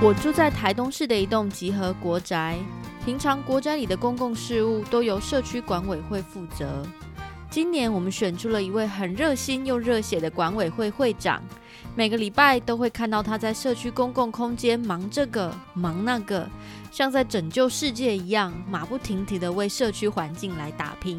我住在台東市的一棟集合國宅，平常國宅裡的公共事務都由社區管委會負責。今年我們選出了一位很熱心又熱血的管委會會長，每個禮拜都會看到他在社區公共空間忙這個忙那個，像在拯救世界一樣，馬不停蹄的為社區環境來打拼。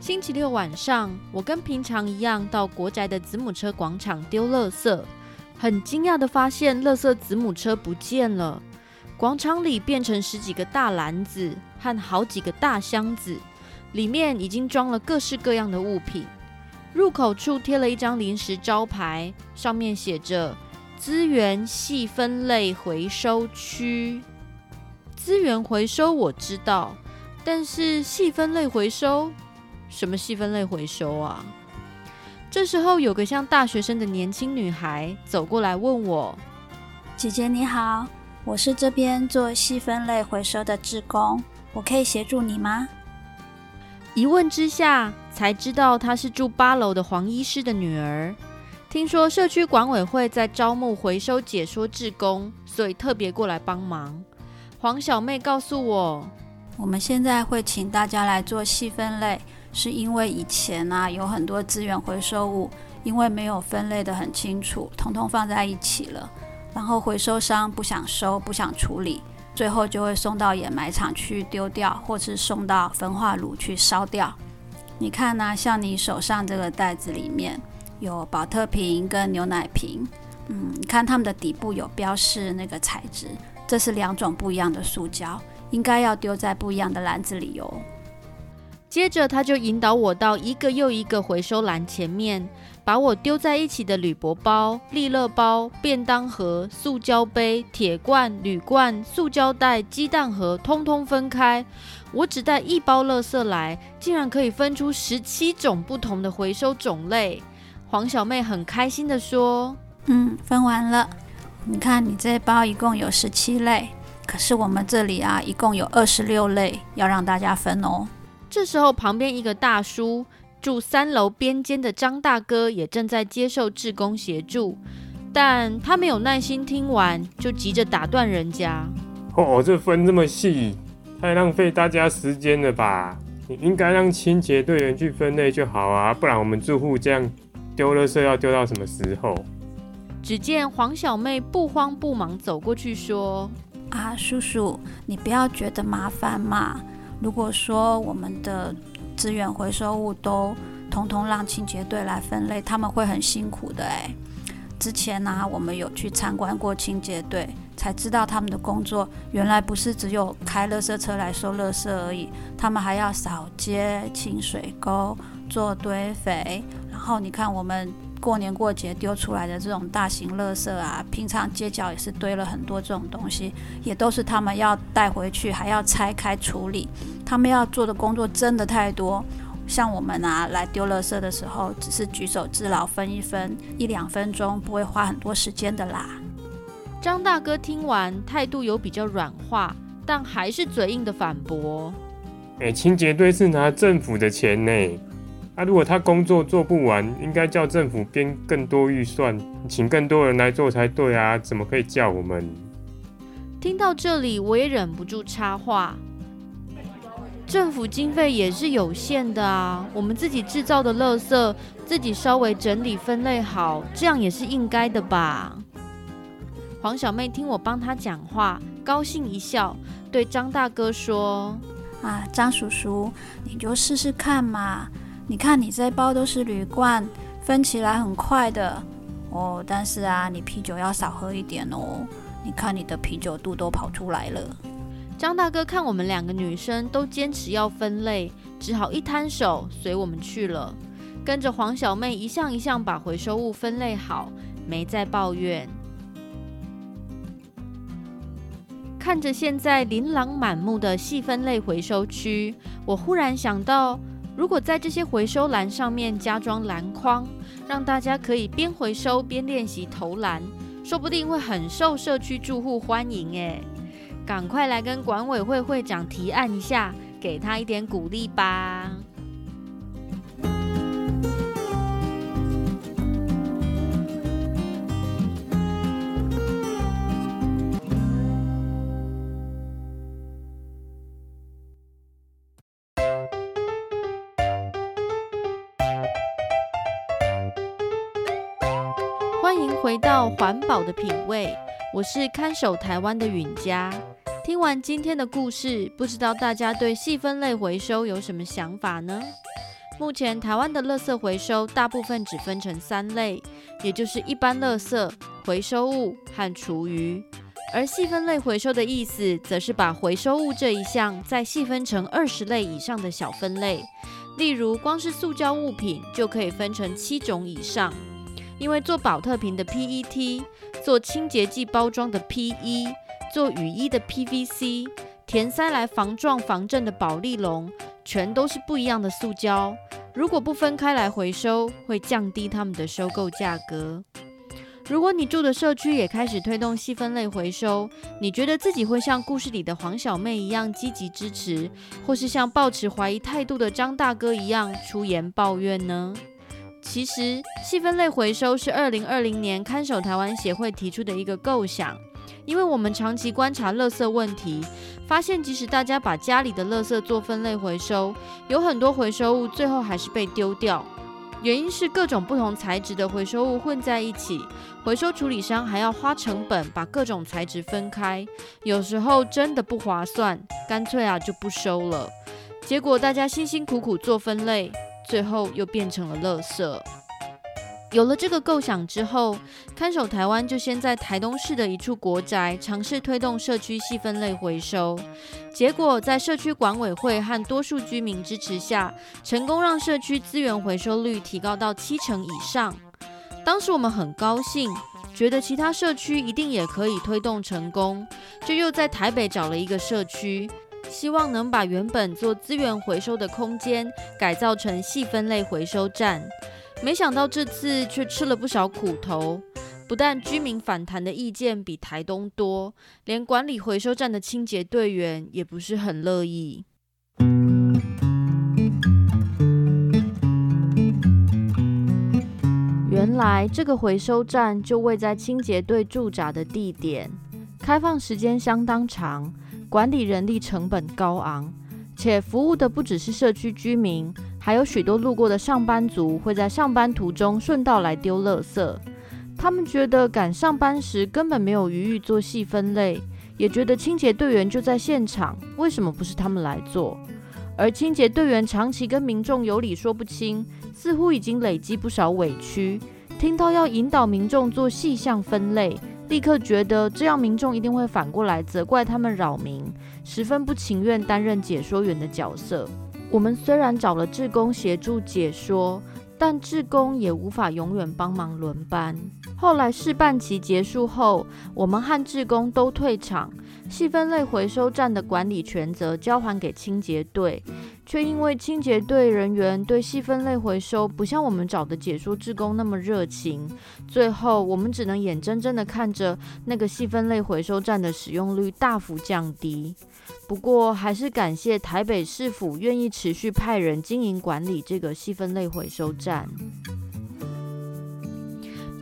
星期六晚上，我跟平常一樣到國宅的子母車廣場丟垃圾。很驚訝地發現，垃圾子母車不見了。廣場裡變成十幾個大籃子和好幾個大箱子，裡面已經裝了各式各樣的物品。入口處貼了一張臨時招牌，上面寫着“資源細分類回收區”。資源回收我知道，但是細分類回收，什麼細分類回收啊？這時候，有個像大學生的年輕女孩走過來問我：“姐姐你好，我是這邊做細分類回收的志工，我可以協助你嗎？”一問之下，才知道她是住八樓的黃醫師的女兒。聽說社區管委會在招募回收解說志工，所以特別過來幫忙。黃小妹告訴我：“我們現在會請大家來做細分類。”是因為以前啊，有很多資源回收物，因為沒有分類得很清楚，統統放在一起了。然後回收商不想收，不想處理，最後就會送到掩埋場去丟掉，或是送到焚化爐去燒掉。你看呢、啊？像你手上這個袋子裡面有寶特瓶跟牛奶瓶，嗯，你看它們的底部有標示那個材質，這是兩種不一樣的塑膠，應該要丟在不一樣的籃子裡哦。接着，他就引導我到一個又一個回收籃前面，把我丟在一起的鋁箔包、利樂包、便當盒、塑膠杯、鐵罐、鋁罐、塑膠袋、雞蛋盒，通通分開。我只帶一包垃圾來，竟然可以分出十七種不同的回收種類。黃小妹很開心地說：“嗯，分完了。你看，你這包一共有十七類，可是我們這裡啊，一共有二十六類要讓大家分哦。”這時候，旁邊一個大叔，住三樓邊間的張大哥，也正在接受志工協助，但他沒有耐心聽完，就急着打斷人家。哦，這分這麼細，太浪費大家時間了吧？你應該讓清潔隊員去分類就好啊，不然我們住戶這樣丟垃圾要丟到什麼時候？只見黃小妹不慌不忙走過去說：“啊，叔叔，你不要覺得麻煩嘛。”如果說我們的資源回收物都統統讓清潔隊來分類，他們會很辛苦的哎。之前呢，啊，我們有去參觀過清潔隊，才知道他們的工作原來不是只有開垃圾車來收垃圾而已，他們還要掃街、清水溝、做堆肥。然後你看我們。過年過節丟出來的這種大型垃圾啊，平常街角也是堆了很多這種東西，也都是他們要帶回去，還要拆開處理。他們要做的工作真的太多，像我們啊來丟垃圾的時候，只是舉手之勞，分一分一兩分鐘不會花很多時間的啦。張大哥聽完態度有比較軟化，但還是嘴硬的反駁：“哎，清潔隊是拿政府的錢呢。”那、啊、如果他工作做不完，應該叫政府編更多預算，請更多人來做才對啊！怎麼可以叫我們？聽到這裡，我也忍不住插話：政府經費也是有限的啊，我們自己制造的垃圾，自己稍微整理分類好，這樣也是應該的吧？黃小妹聽我幫她講話，高興一笑，對張大哥說：“啊，張叔叔，你就試試看嘛。”你看，你這包都是鋁罐，分起來很快的哦。Oh, 但是啊，你啤酒要少喝一點哦。你看你的啤酒肚都跑出來了。張大哥看我們兩個女生都堅持要分類，只好一攤手，隨我們去了。跟着黃小妹一項一項把回收物分類好，沒再抱怨。看着現在琳琅滿目的細分類回收區，我忽然想到。如果在這些回收籃上面加裝籃筐，讓大家可以邊回收邊練習投籃，說不定會很受社區住戶歡迎誒，趕快來跟管委會會長提案一下，給他一點鼓勵吧。歡迎回到環保的品味，我是看守台灣的允佳。聽完今天的故事，不知道大家對細分類回收有什麼想法呢？目前台灣的垃圾回收大部分只分成三類，也就是一般垃圾、回收物和廚餘。而細分類回收的意思，則是把回收物這一項再細分成二十類以上的小分類。例如，光是塑膠物品就可以分成七種以上。因為做寶特瓶的 PET，做清潔劑包裝的 PE，做雨衣的 PVC，填塞來防撞防震的保麗龍，全都是不一樣的塑膠。如果不分開來回收，會降低他們的收購價格。如果你住的社區也開始推動細分類回收，你覺得自己會像故事裡的黃小妹一樣積極支持，或是像抱持懷疑態度的張大哥一樣出言抱怨呢？其實，細分類回收是二零二零年看守台灣協會提出的一個構想，因為我們長期觀察垃圾問題，發現即使大家把家裡的垃圾做分類回收，有很多回收物最後還是被丟掉。原因是各種不同材質的回收物混在一起，回收處理商還要花成本把各種材質分開，有時候真的不划算，乾脆啊就不收了。結果大家辛辛苦苦做分類。最後又變成了垃圾。有了這個構想之後，看守台灣就先在台東市的一處國宅嘗試推動社區細分類回收，結果在社區管委會和多數居民支持下，成功讓社區資源回收率提高到七成以上。當時我們很高興，覺得其他社區一定也可以推動成功，就又在台北找了一個社區。希望能把原本做資源回收的空間改造成細分類回收站，沒想到這次卻吃了不少苦頭。不但居民反彈的意見比台東多，連管理回收站的清潔隊員也不是很樂意。原來這個回收站就位在清潔隊駐扎的地點，開放時間相當長。管理人力成本高昂，且服務的不只是社區居民，還有許多路過的上班族會在上班途中順道來丟垃圾。他們覺得趕上班時根本沒有餘裕做細分類，也覺得清潔隊員就在現場，為什麼不是他們來做？而清潔隊員長期跟民眾有理說不清，似乎已經累積不少委屈，聽到要引導民眾做細項分類，立刻覺得這樣，民眾一定會反過來責怪他們擾民，十分不情願擔任解說員的角色。我們雖然找了志工協助解說。但志工也無法永遠幫忙輪班。後來試辦期結束後，我們和志工都退場，細分類回收站的管理權責交還給清潔隊，卻因為清潔隊人員對細分類回收不像我們找的解說志工那麼熱情，最後我們只能眼睜睜地看着那個細分類回收站的使用率大幅降低。不過，還是感謝台北市府願意持續派人經營管理這個細分類回收站。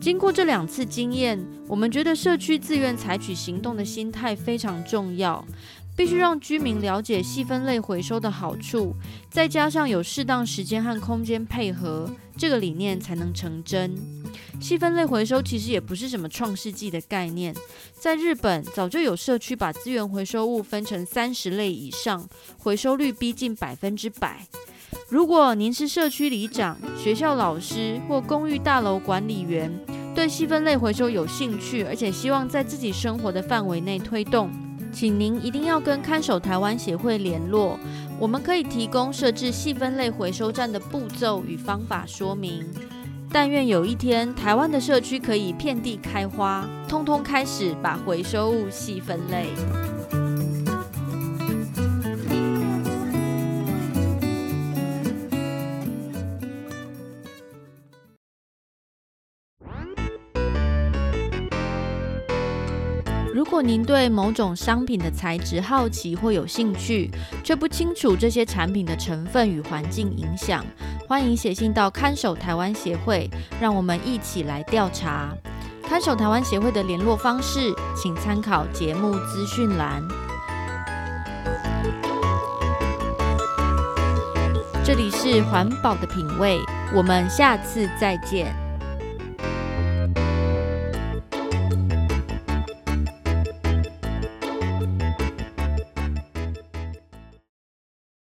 經過這兩次經驗，我們覺得社區自願採取行動的心態非常重要，必須讓居民了解細分類回收的好處，再加上有適當時間和空間配合，這個理念才能成真。細分類回收其實也不是什麼創世紀的概念，在日本早就有社區把資源回收物分成三十類以上，回收率逼近百分之百。如果您是社區里長、學校老師或公寓大樓管理員，對細分類回收有興趣，而且希望在自己生活的範圍內推動，請您一定要跟看守台灣協會聯絡，我們可以提供設置細分類回收站的步驟與方法說明。但願有一天，台灣的社區可以遍地開花，通通開始把回收物細分類。如果您對某種商品的材質好奇或有興趣，卻不清楚這些產品的成分與環境影響，歡迎寫信到看守台灣協會，讓我們一起來調查。看守台灣協會的聯絡方式，請參考節目資訊欄。這裡是環保的品味，我們下次再見。